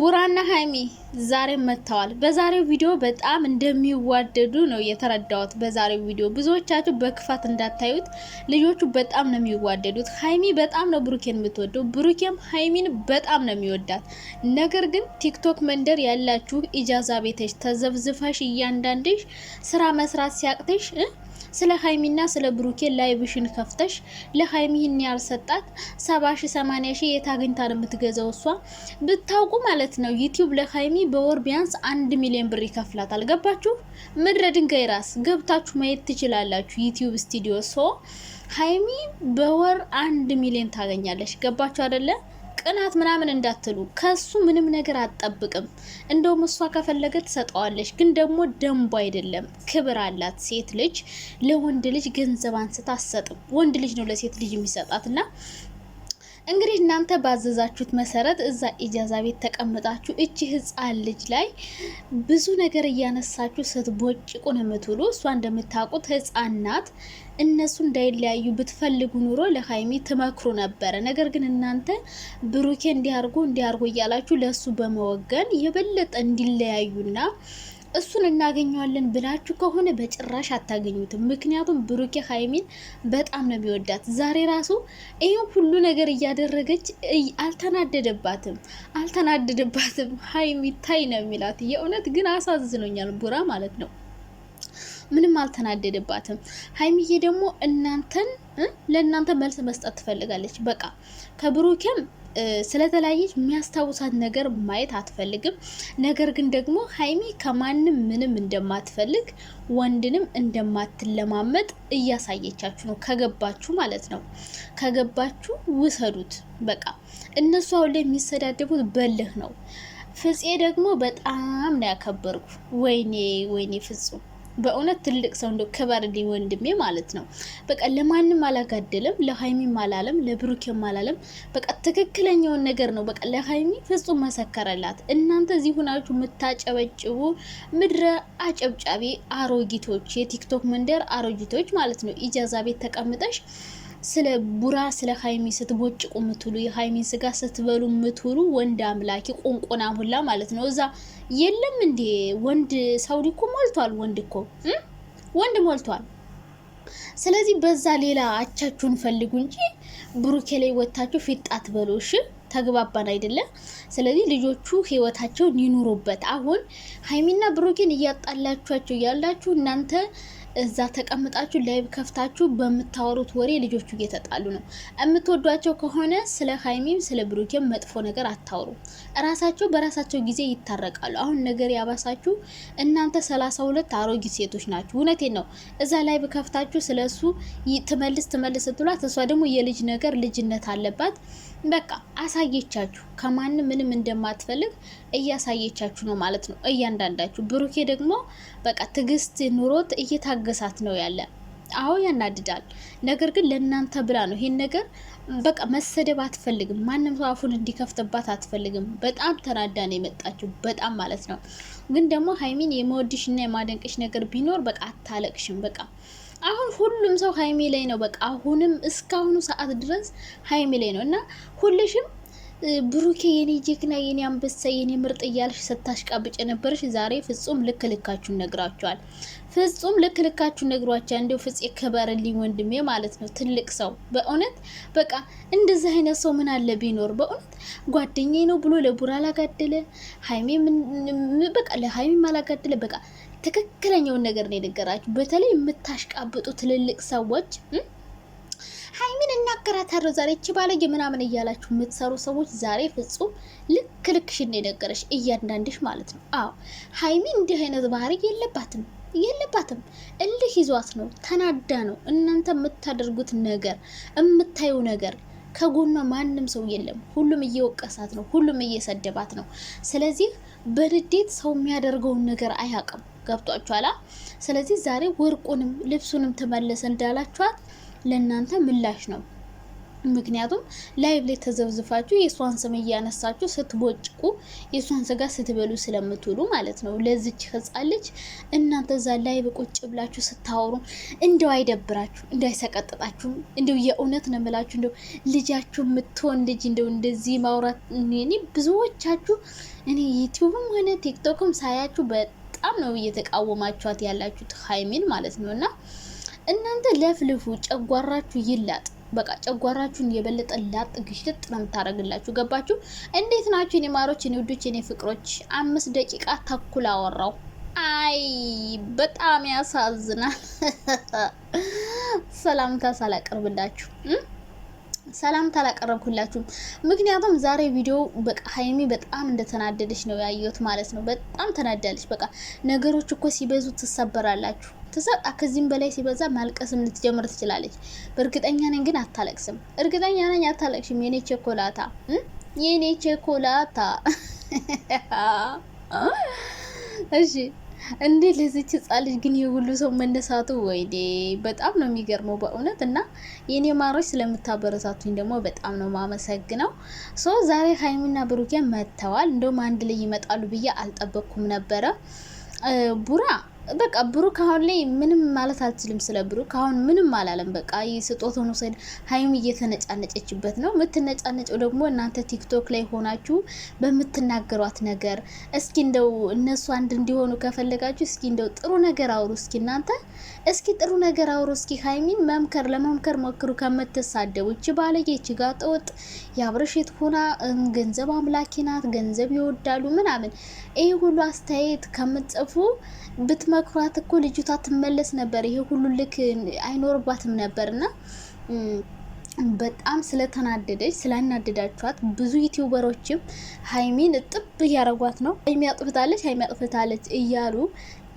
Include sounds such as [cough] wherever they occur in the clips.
ቡራና ሀይሚ ዛሬ መጥተዋል። በዛሬው ቪዲዮ በጣም እንደሚዋደዱ ነው የተረዳሁት። በዛሬው ቪዲዮ ብዙዎቻችሁ በክፋት እንዳታዩት፣ ልጆቹ በጣም ነው የሚዋደዱት። ሀይሚ በጣም ነው ብሩኬን የምትወደው፣ ብሩኬም ሀይሚን በጣም ነው የሚወዳት። ነገር ግን ቲክቶክ መንደር ያላችሁ ኢጃዛ ቤተሽ ተዘብዝፈሽ እያንዳንድሽ ስራ መስራት ሲያቅተሽ ስለ ሀይሚና ስለ ብሩኬ ላይብሽን ከፍተሽ ለሀይሚ ይህን ያልሰጣት ሰባ ሺ ሰማኒያ ሺ የት አግኝታ ነው የምትገዛው? እሷ ብታውቁ ማለት ነው ዩቲዩብ ለሀይሚ በወር ቢያንስ አንድ ሚሊዮን ብር ይከፍላታል። ገባችሁ? ምድረ ድንጋይ ራስ ገብታችሁ ማየት ትችላላችሁ። ዩቲዩብ ስቱዲዮ ሶ ሀይሚ በወር አንድ ሚሊዮን ታገኛለች። ገባችሁ አደለ? ቅናት ምናምን እንዳትሉ፣ ከሱ ምንም ነገር አትጠብቅም። እንደውም እሷ ከፈለገ ትሰጠዋለች። ግን ደግሞ ደንቡ አይደለም፣ ክብር አላት። ሴት ልጅ ለወንድ ልጅ ገንዘብ አንስታ አትሰጥም። ወንድ ልጅ ነው ለሴት ልጅ የሚሰጣት እና እንግዲህ እናንተ ባዘዛችሁት መሰረት እዛ ኢጃዛ ቤት ተቀምጣችሁ እቺ ህፃን ልጅ ላይ ብዙ ነገር እያነሳችሁ ስትቦጭቁ ነው የምትውሉ። እሷ እንደምታውቁት ህፃን ናት። እነሱ እንዳይለያዩ ብትፈልጉ ኑሮ ለሀይሚ ትመክሩ ነበረ። ነገር ግን እናንተ ብሩኬ እንዲያርጉ እንዲያርጉ እያላችሁ ለእሱ በመወገን የበለጠ እንዲለያዩና እሱን እናገኘዋለን ብላችሁ ከሆነ በጭራሽ አታገኙትም። ምክንያቱም ብሩኬ ሀይሚን በጣም ነው የሚወዳት። ዛሬ ራሱ ይህም ሁሉ ነገር እያደረገች አልተናደደባትም አልተናደደባትም። ሀይሚ ታይ ነው የሚላት። የእውነት ግን አሳዝኖኛል ቡራ ማለት ነው። ምንም አልተናደደባትም። ሀይሚዬ ደግሞ እናንተን ለእናንተ መልስ መስጠት ትፈልጋለች። በቃ ከብሩኬም ስለተለያየች የሚያስታውሳት ነገር ማየት አትፈልግም። ነገር ግን ደግሞ ሀይሚ ከማንም ምንም እንደማትፈልግ ወንድንም እንደማትለማመጥ እያሳየቻችሁ ነው። ከገባችሁ ማለት ነው፣ ከገባችሁ ውሰዱት። በቃ እነሱ አሁን ላይ የሚሰዳደቡት በልህ ነው። ፍፄ ደግሞ በጣም ነው ያከበርኩ። ወይኔ ወይኔ ፍጹም በእውነት ትልቅ ሰው እንደው ክበርልኝ ወንድሜ ማለት ነው። በቃ ለማንም አላጋደለም፣ ለሀይሚም አላለም፣ ለብሩኬም አላለም። በቃ ትክክለኛውን ነገር ነው። በቃ ለሀይሚ ፍጹም መሰከረላት። እናንተ እዚህ ሁናችሁ የምታጨበጭቡ ምድረ አጨብጫቢ አሮጊቶች፣ የቲክቶክ መንደር አሮጊቶች ማለት ነው። ኢጃዛ ቤት ተቀምጠሽ ስለ ቡራ ስለ ሀይሚ ስትቦጭቁ ምትሉ የሀይሚን ስጋ ስትበሉ ምትሉ ወንድ አምላኪ ቆንቆና ሁላ ማለት ነው። እዛ የለም እንዴ ወንድ ሳውዲ እኮ ሞልቷል። ወንድ እኮ ወንድ ሞልቷል። ስለዚህ በዛ ሌላ አቻችሁን ፈልጉ እንጂ ብሩኬ ላይ ወታችሁ ፊጣ ትበሉ። እሺ ተግባባን አይደለም? ስለዚህ ልጆቹ ህይወታቸውን ይኑሩበት። አሁን ሀይሚና ብሩኬን እያጣላችኋቸው ያላችሁ እናንተ እዛ ተቀምጣችሁ ላይብ ከፍታችሁ በምታወሩት ወሬ ልጆቹ እየተጣሉ ነው። የምትወዷቸው ከሆነ ስለ ሀይሚም ስለ ብሩኬም መጥፎ ነገር አታውሩ። እራሳቸው በራሳቸው ጊዜ ይታረቃሉ። አሁን ነገር ያባሳችሁ እናንተ ሰላሳ ሁለት አሮጊት ሴቶች ናችሁ። እውነቴን ነው። እዛ ላይቭ ከፍታችሁ ስለ እሱ ትመልስ ትመልስ ስትሏት እሷ ደግሞ የልጅ ነገር ልጅነት አለባት በቃ አሳየቻችሁ። ከማንም ምንም እንደማትፈልግ እያሳየቻችሁ ነው ማለት ነው እያንዳንዳችሁ። ብሩኬ ደግሞ በቃ ትዕግስት ኑሮት እየታገሳት ነው ያለ። አዎ ያናድዳል። ነገር ግን ለእናንተ ብላ ነው ይሄን ነገር በቃ መሰደብ አትፈልግም። ማንም ሰው አፉን እንዲከፍትባት አትፈልግም። በጣም ተናዳ ነው የመጣችው፣ በጣም ማለት ነው። ግን ደግሞ ሀይሚን የመወድሽ እና የማደንቅሽ ነገር ቢኖር በቃ አታለቅሽም በቃ አሁን ሁሉም ሰው ሀይሚ ላይ ነው። በቃ አሁንም እስካሁኑ ሰዓት ድረስ ሀይሚ ላይ ነው እና ሁልሽም ብሩኬ የኔ ጀግና የኔ አንበሳ የኔ ምርጥ እያልሽ ስታሽቃብጭ ነበርሽ። ዛሬ ፍጹም ልክ ልካችሁን ነግሯቸዋል። ፍጹም ልክ ልካችሁን ነግሯቸዋል። እንዲሁ ፍጽ ከበርልኝ ወንድሜ ማለት ነው። ትልቅ ሰው በእውነት በቃ እንደዚህ አይነት ሰው ምን አለ ቢኖር በእውነት ጓደኛ ነው ብሎ ለቡራ አላጋደለ ሀይሜ በቃ ለሀይሜም አላጋደለ በቃ ትክክለኛውን ነገር ነው የነገራችሁ። በተለይ የምታሽቃብጡ ትልልቅ ሰዎች ሀይሚን እናገራታለሁ ዛሬ እቺ ባለጌ ምናምን እያላችሁ የምትሰሩ ሰዎች ዛሬ ፍጹም ልክ ልክሽን ነው የነገረሽ፣ እያንዳንድሽ ማለት ነው። አዎ ሀይሚ እንዲህ አይነት ባህሪ የለባትም የለባትም እልህ ይዟት ነው፣ ተናዳ ነው። እናንተ የምታደርጉት ነገር የምታዩ ነገር ከጎኗ ማንም ሰው የለም። ሁሉም እየወቀሳት ነው፣ ሁሉም እየሰደባት ነው። ስለዚህ በንዴት ሰው የሚያደርገውን ነገር አያውቅም። ገብቷችኋላ። ስለዚህ ዛሬ ወርቁንም ልብሱንም ትመልስ እንዳላችኋት ለእናንተ ምላሽ ነው። ምክንያቱም ላይቭ ላይ ተዘብዝፋችሁ የእሷን ስም እያነሳችሁ ስትቦጭቁ የእሷን ስጋ ስትበሉ ስለምትውሉ ማለት ነው። ለዚች ሕፃን ልጅ እናንተ እዛ ላይቭ ቁጭ ብላችሁ ስታወሩ እንደው አይደብራችሁ፣ እንደው አይሰቀጥጣችሁ? እንደው የእውነት ነው የምላችሁ እንደው ልጃችሁ የምትሆን ልጅ እንደው እንደዚህ ማውራት እኔ ብዙዎቻችሁ እኔ ዩቲዩብም ሆነ ቲክቶክም ሳያችሁ በ በጣም ነው እየተቃወማችኋት ያላችሁት ሀይሚን ማለት ነው። እና እናንተ ለፍልፉ፣ ጨጓራችሁ ይላጥ። በቃ ጨጓራችሁን የበለጠ ላጥ ግሽጥጥ ነው የምታደርግላችሁ። ገባችሁ? እንዴት ናችሁ የኔ ማሮች፣ የኔ ውዶች፣ የኔ ፍቅሮች? አምስት ደቂቃ ተኩል አወራው። አይ በጣም ያሳዝናል። [laughs] ሰላምታ ሳላቀርብላችሁ ሰላምታ አላቀረብኩላችሁም። ምክንያቱም ዛሬ ቪዲዮ በቃ ሀይሚ በጣም እንደተናደደች ነው ያየሁት ማለት ነው። በጣም ተናዳለች። በቃ ነገሮች እኮ ሲበዙ ትሰበራላችሁ። ተሰጣ ከዚህም በላይ ሲበዛ ማልቀስም ልትጀምር ትችላለች። በእርግጠኛ ነኝ ግን አታለቅስም። እርግጠኛ ነኝ አታለቅሽም። የኔ ቸኮላታ የኔ ቸኮላታ። [laughs] እሺ እንዴ ለዚች ህጻን ልጅ ግን የሁሉ ሰው መነሳቱ ወይዴ በጣም ነው የሚገርመው በእውነት እና የኔ ማሮች ስለምታበረታቱኝ ደግሞ በጣም ነው ማመሰግነው። ሶ ዛሬ ሀይሚና ብሩኬ መጥተዋል። እንደውም አንድ ላይ ይመጣሉ ብዬ አልጠበቅኩም ነበረ ቡራ በቃ ብሩክ አሁን ላይ ምንም ማለት አልችልም። ስለ ብሩክ አሁን ምንም አላለም። በቃ ስጦታውን ውሰድ። ሀይሚ እየተነጫነጨችበት ነው። የምትነጫነጨው ደግሞ እናንተ ቲክቶክ ላይ ሆናችሁ በምትናገሯት ነገር። እስኪ እንደው እነሱ አንድ እንዲሆኑ ከፈለጋችሁ እስኪ እንደው ጥሩ ነገር አውሩ። እስኪ እናንተ እስኪ ጥሩ ነገር አውሩ። እስኪ ሀይሚን መምከር ለመምከር ሞክሩ። ከምትሳደቡ እች ባለጌ፣ እች ጋጠወጥ የአብረሽት ሆና ገንዘብ አምላኪ ናት፣ ገንዘብ ይወዳሉ ምናምን ይህ ሁሉ አስተያየት ከምትጽፉ ብትመ ብትመክሯት እኮ ልጅቷ ትመለስ ነበር። ይሄ ሁሉ ልክ አይኖርባትም ነበር እና በጣም ስለተናደደች ስላናደዳችኋት ብዙ ዩቲዩበሮችም ሀይሚን እጥብ እያረጓት ነው። ሀይሚ አጥፍታለች፣ ሀይሚ አጥፍታለች እያሉ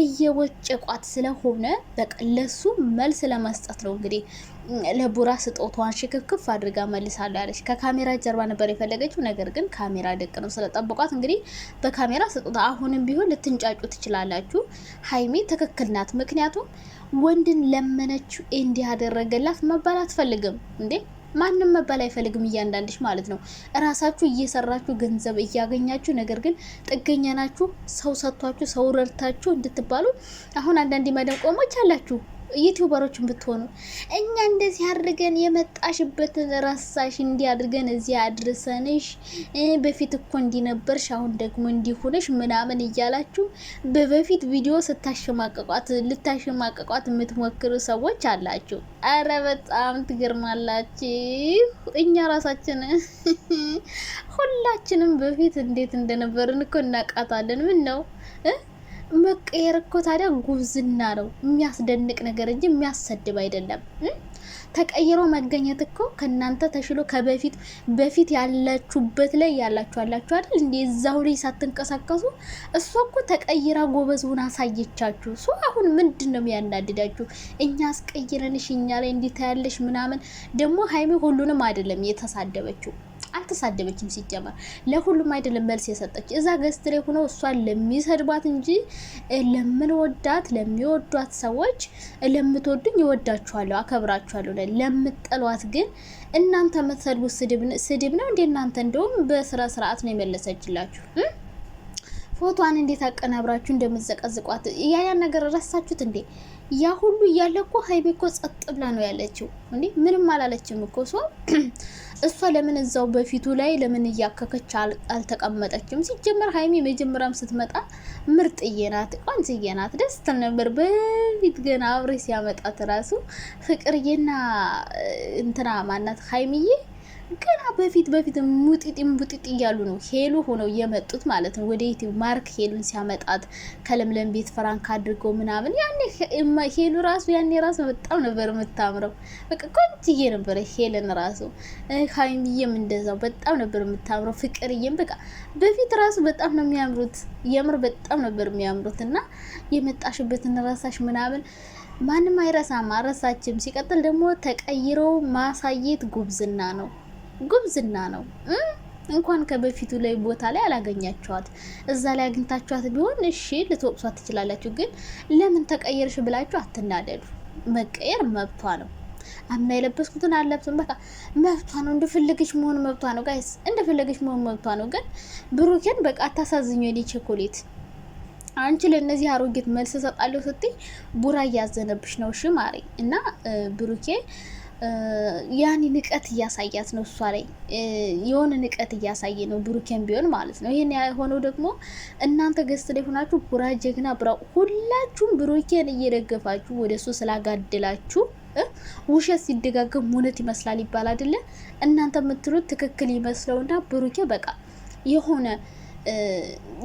እየወጨቋት ስለሆነ በቃ ለሱ መልስ ለመስጠት ነው እንግዲህ ለቡራ ስጦታዋን ሽክክፍ አድርጋ መልሳለሁ ያለች። ከካሜራ ጀርባ ነበር የፈለገችው፣ ነገር ግን ካሜራ ደቅ ነው ስለጠበቋት እንግዲህ በካሜራ ስጦታ። አሁንም ቢሆን ልትንጫጩ ትችላላችሁ። ሀይሚ ትክክል ናት። ምክንያቱም ወንድን ለመነችው እንዲህ ያደረገላት መባል አትፈልግም እንዴ ማንም መባል አይፈልግም። እያንዳንድሽ ማለት ነው እራሳችሁ እየሰራችሁ ገንዘብ እያገኛችሁ፣ ነገር ግን ጥገኛ ናችሁ። ሰው ሰጥቷችሁ ሰው ረድታችሁ እንድትባሉ አሁን አንዳንድ መደብ ቆሞች አላችሁ ዩቲዩበሮችን ብትሆኑ እኛ እንደዚህ አድርገን የመጣሽበትን ረሳሽ እንዲህ አድርገን እዚህ አድርሰንሽ በፊት እኮ እንዲነበርሽ አሁን ደግሞ እንዲሆነሽ ምናምን እያላችሁ በበፊት ቪዲዮ ስታሸማቀቋት ልታሸማቀቋት የምትሞክሩ ሰዎች አላችሁ። አረ በጣም ትገርማላችሁ። እኛ ራሳችን [laughs] ሁላችንም በፊት እንዴት እንደነበርን እኮ እናቃታለን። ምን ነው መቀየር እኮ ታዲያ ጉብዝና ነው። የሚያስደንቅ ነገር እንጂ የሚያሰድብ አይደለም። ተቀይሮ መገኘት እኮ ከእናንተ ተሽሎ ከበፊት በፊት ያላችሁበት ላይ ያላችሁ አላችሁ አይደል? እንዲ እዛው ላይ ሳትንቀሳቀሱ እሷ እኮ ተቀይራ ጎበዝ ሆና አሳየቻችሁ። ሶ አሁን ምንድን ነው የሚያናድዳችሁ? እኛ አስቀይረንሽ እኛ ላይ እንዲታያለሽ ምናምን። ደግሞ ሀይሚ ሁሉንም አይደለም የተሳደበችው አልተሳደበችም። ሲጀመር ለሁሉም አይደለም መልስ የሰጠች እዛ ገስት ላይ ሆነው እሷን ለሚሰድባት እንጂ ለምንወዳት ለሚወዷት ሰዎች ለምትወዱኝ እወዳችኋለሁ፣ አከብራችኋለሁ ላይ ለምጠሏት ግን እናንተ የምትሰድቡት ስድብ ነው እንዴ? እናንተ እንደውም በስራ ስርዓት ነው የመለሰችላችሁ። ፎቶዋን እንዴት አቀናብራችሁ እንደምትዘቀዝቋት ያያን ነገር ረሳችሁት እንዴ? ያ ሁሉ እያለ እኮ ሀይሚ እኮ ጸጥ ብላ ነው ያለችው። እንዴ ምንም አላለችም እኮ ሶ [clears throat] እሷ ለምን እዛው በፊቱ ላይ ለምን እያከከች አልተቀመጠችም? ሲጀመር ሀይሚ መጀመሪያም ስትመጣ ምርጥዬ ናት፣ ቆንጅዬ ናት፣ ደስ ትል ነበር። በፊት ገና አብሬ ሲያመጣት ራሱ ፍቅርዬና እንትና ማናት ሀይሚዬ ገና በፊት በፊት ሙጢጢም ቡጢጥ እያሉ ነው ሄሉ ሆነው የመጡት ማለት ነው። ወደ ዩቲዩብ ማርክ ሄሉን ሲያመጣት ከለምለም ቤት ፍራንክ አድርገው ምናምን ያኔ ሄሉ ራሱ ያኔ ራሱ በጣም ነበር የምታምረው። በቃ ቆንጅዬ ነበረ ሄለን ራሱ። ሀይሚዬም እንደዛው በጣም ነበር የምታምረው። ፍቅርዬም በቃ በፊት ራሱ በጣም ነው የሚያምሩት። የምር በጣም ነበር የሚያምሩት እና የመጣሽበትን ራሳሽ ምናምን ማንም አይረሳም፣ አረሳችም። ሲቀጥል ደግሞ ተቀይረው ማሳየት ጉብዝና ነው። ጉብዝና ነው። እንኳን ከበፊቱ ላይ ቦታ ላይ አላገኛችኋት እዛ ላይ አግኝታችኋት ቢሆን እሺ ልትወቅሷት ትችላላችሁ። ግን ለምን ተቀየርሽ ብላችሁ አትናደዱ። መቀየር መብቷ ነው። አምና የለበስኩትን አለብስም በቃ መብቷ ነው። እንደፈለገች መሆን መብቷ ነው። ጋይስ እንደፈለገች መሆን መብቷ ነው። ግን ብሩኬን በቃ አታሳዝኙ። የኔ ቸኮሌት አንቺ ለእነዚህ አሮጌት መልስ እሰጣለሁ ስትይ ቡራ እያዘነብሽ ነው። እሺ ማሪ እና ብሩኬ ያን ንቀት እያሳያት ነው። እሷ ላይ የሆነ ንቀት እያሳየ ነው ብሩኬን ቢሆን ማለት ነው። ይህን የሆነው ደግሞ እናንተ ገስት ላይ ሆናችሁ ቡራ ጀግና፣ ብራ ሁላችሁም ብሩኬን እየደገፋችሁ ወደ እሱ ስላጋድላችሁ ውሸት ሲደጋገም እውነት ይመስላል ይባል አይደለ? እናንተ የምትሉት ትክክል ይመስለውና ብሩኬ በቃ የሆነ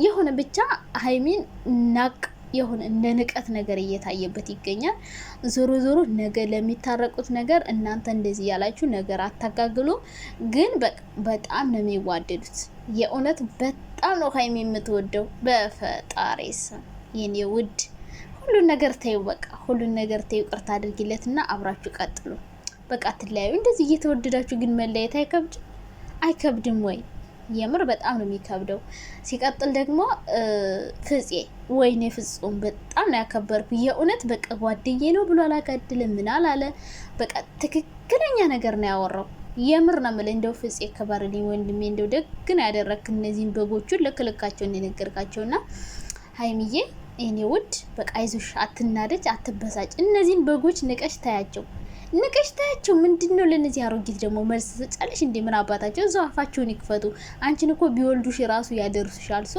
የሆነ ብቻ ሀይሚን ናቅ የሆነ እንደ ንቀት ነገር እየታየበት ይገኛል። ዞሮ ዞሮ ነገ ለሚታረቁት ነገር እናንተ እንደዚህ ያላችሁ ነገር አታጋግሉ። ግን በጣም ነው የሚዋደዱት። የእውነት በጣም ነው ሀይሚ የምትወደው። በፈጣሪ ስም የኔ ውድ ሁሉን ነገር ተይው፣ በቃ ሁሉን ነገር ተይው፣ ቅርታ አድርጊለት እና አብራችሁ ቀጥሉ። በቃ ትለያዩ። እንደዚህ እየተወደዳችሁ ግን መለየት አይከብድም አይከብድም ወይ? የምር በጣም ነው የሚከብደው። ሲቀጥል ደግሞ ፍፄ ወይኔ ፍጹም በጣም ነው ያከበርኩ። የእውነት በቃ ጓደዬ ነው ብሎ አላጋድልም ምናል አለ። በቃ ትክክለኛ ነገር ነው ያወራው። የምር ነው የምልህ። እንደው ፍጼ ከበርልኝ ወንድሜ፣ እንደው ደግ ነው ያደረግክ። እነዚህን በጎቹን ልክልካቸውን ና ሀይሚዬ፣ እኔ ውድ በቃ አይዞሽ፣ አትናደጅ፣ አትበሳጭ። እነዚህን በጎች ንቀሽ ታያቸው። ንቀሽታቸው ምንድን ነው? ለነዚህ አሮጊት ደግሞ መልስ ትሰጫለሽ? እንዴ? ምን አባታቸው እዛው አፋቸውን ይክፈቱ። አንቺን እኮ ቢወልዱሽ ራሱ ያደርሱሻል። ሶ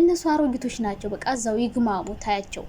እነሱ አሮጊቶች ናቸው። በቃ እዛው ይግማሙ፣ ታያቸው።